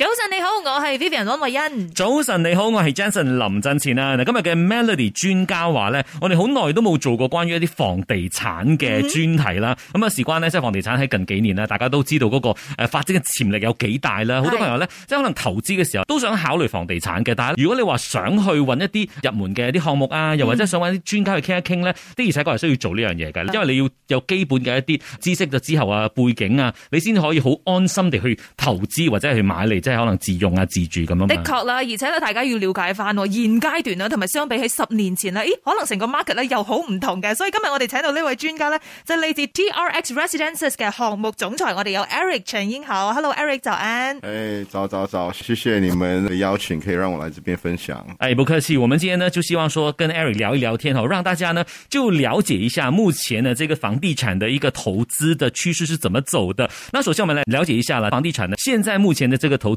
早晨你好，我係 Vivian 朗慧欣。早晨你好，我係 Jason 林振前啊！嗱，今日嘅 Melody 專家話咧，我哋好耐都冇做過關於一啲房地產嘅專題啦。咁啊、嗯，事關咧，即係房地產喺近幾年咧，大家都知道嗰個誒，發展嘅潛力有幾大啦。好多朋友咧，是即係可能投資嘅時候都想考慮房地產嘅。但係如果你話想去搵一啲入門嘅一啲項目啊，又或者想搵啲專家去傾一傾咧，的而且確係需要做呢樣嘢嘅。因為你要有基本嘅一啲知識嘅之後啊，背景啊，你先可以好安心地去投資或者去買嚟即係可能自用啊、自住咁啊嘛，的確啦，而且咧，大家要了解翻現階段啦，同埋相比起十年前咧，咦，可能成個 market 呢又好唔同嘅，所以今日我哋請到呢位專家呢，就嚟自 TRX Residences 嘅項目總裁，我哋有 Eric 陳英豪，Hello Eric hey, 早安。誒，早早早，謝謝你們嘅邀請，可以讓我來這邊分享。誒、哎，不客氣，我們今天呢就希望說，跟 Eric 聊一聊天哦，讓大家呢就了解一下目前嘅這個房地產嘅一個投資的趨勢係怎麼走的。那首先，我們嚟了解一下啦，房地產呢，現在目前嘅這個投。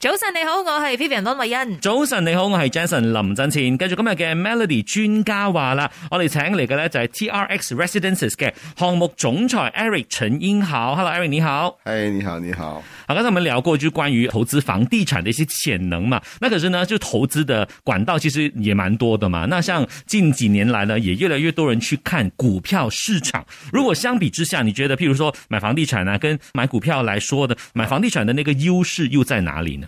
早晨你好，我是 Vivian 溫慧欣。早晨你好，我是 Jason 林振前。繼續今日嘅 Melody 專家話啦，我哋請嚟嘅咧就係、是、TRX Residences 嘅項目總裁 Eric 陳英豪。Hello Eric，你好。哎，hey, 你好，你好。好，剛才我們聊過就關於投資房地產的一些潛能嘛，那可是呢就投資的管道其實也蠻多的嘛。那像近幾年來呢，也越來越多人去看股票市場。如果相比之下，你覺得譬如說買房地產啊，跟買股票來說的，買房地產的那個優勢又在哪裏呢？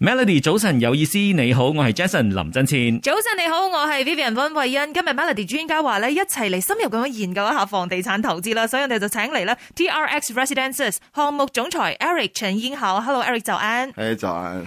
Melody 早晨有意思，你好，我係 Jason 林振千。早晨你好，我係 Vivian 温慧欣。今日 Melody 專家話咧，一齊嚟深入咁樣研究一下房地產投資啦，所以我哋就請嚟啦 TRX Residences 項目總裁 Eric 陳燕豪。Hello，Eric 早安。誒，早安。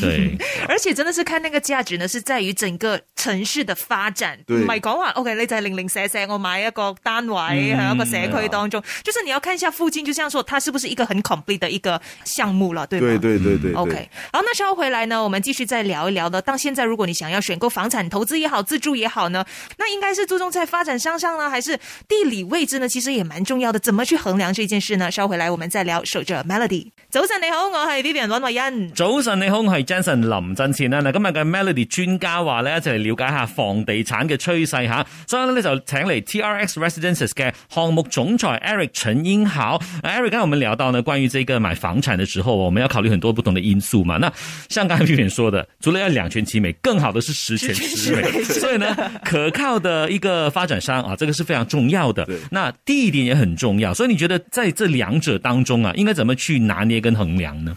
對 而且真的是看那個價值呢，是在於整個城市的發展。對，唔係講話 OK，你再零零散散，我買一個單位，一個社區當中，嗯嗯、就是你要看一下附近，就像說，它是不是一個很 complete 的一個項目了，對不對對對對。OK，好，那稍後回來呢，我們繼續再聊一聊呢。當現在如果你想要選購房產投資也好，自住也好呢，那應該是注重在發展商上，上呢，還是地理位置呢？其實也蠻重要的。怎麼去衡量這件事呢？稍後回來我們再聊。守着 Melody，早晨你好，我係 Vivian 阮慧欣早晨你好。係 Jensen 林振前啦，嗱今日嘅 Melody 專家話咧，一齊了解下房地產嘅趨勢吓，所以呢，就請嚟 TRX Residences 嘅項目總裁 Eric 陳英豪。啊，Eric，剛才我們聊到呢，關於這個買房產嘅時候，我們要考慮很多不同的因素嘛。那像剛才 B B 說的，除了要兩全其美，更好嘅是十全十美，是是是是，所以呢，可靠嘅一個發展商啊，這個是非常重要嘅。那地點也很重要，所以你覺得在這兩者當中啊，應該怎麼去拿捏跟衡量呢？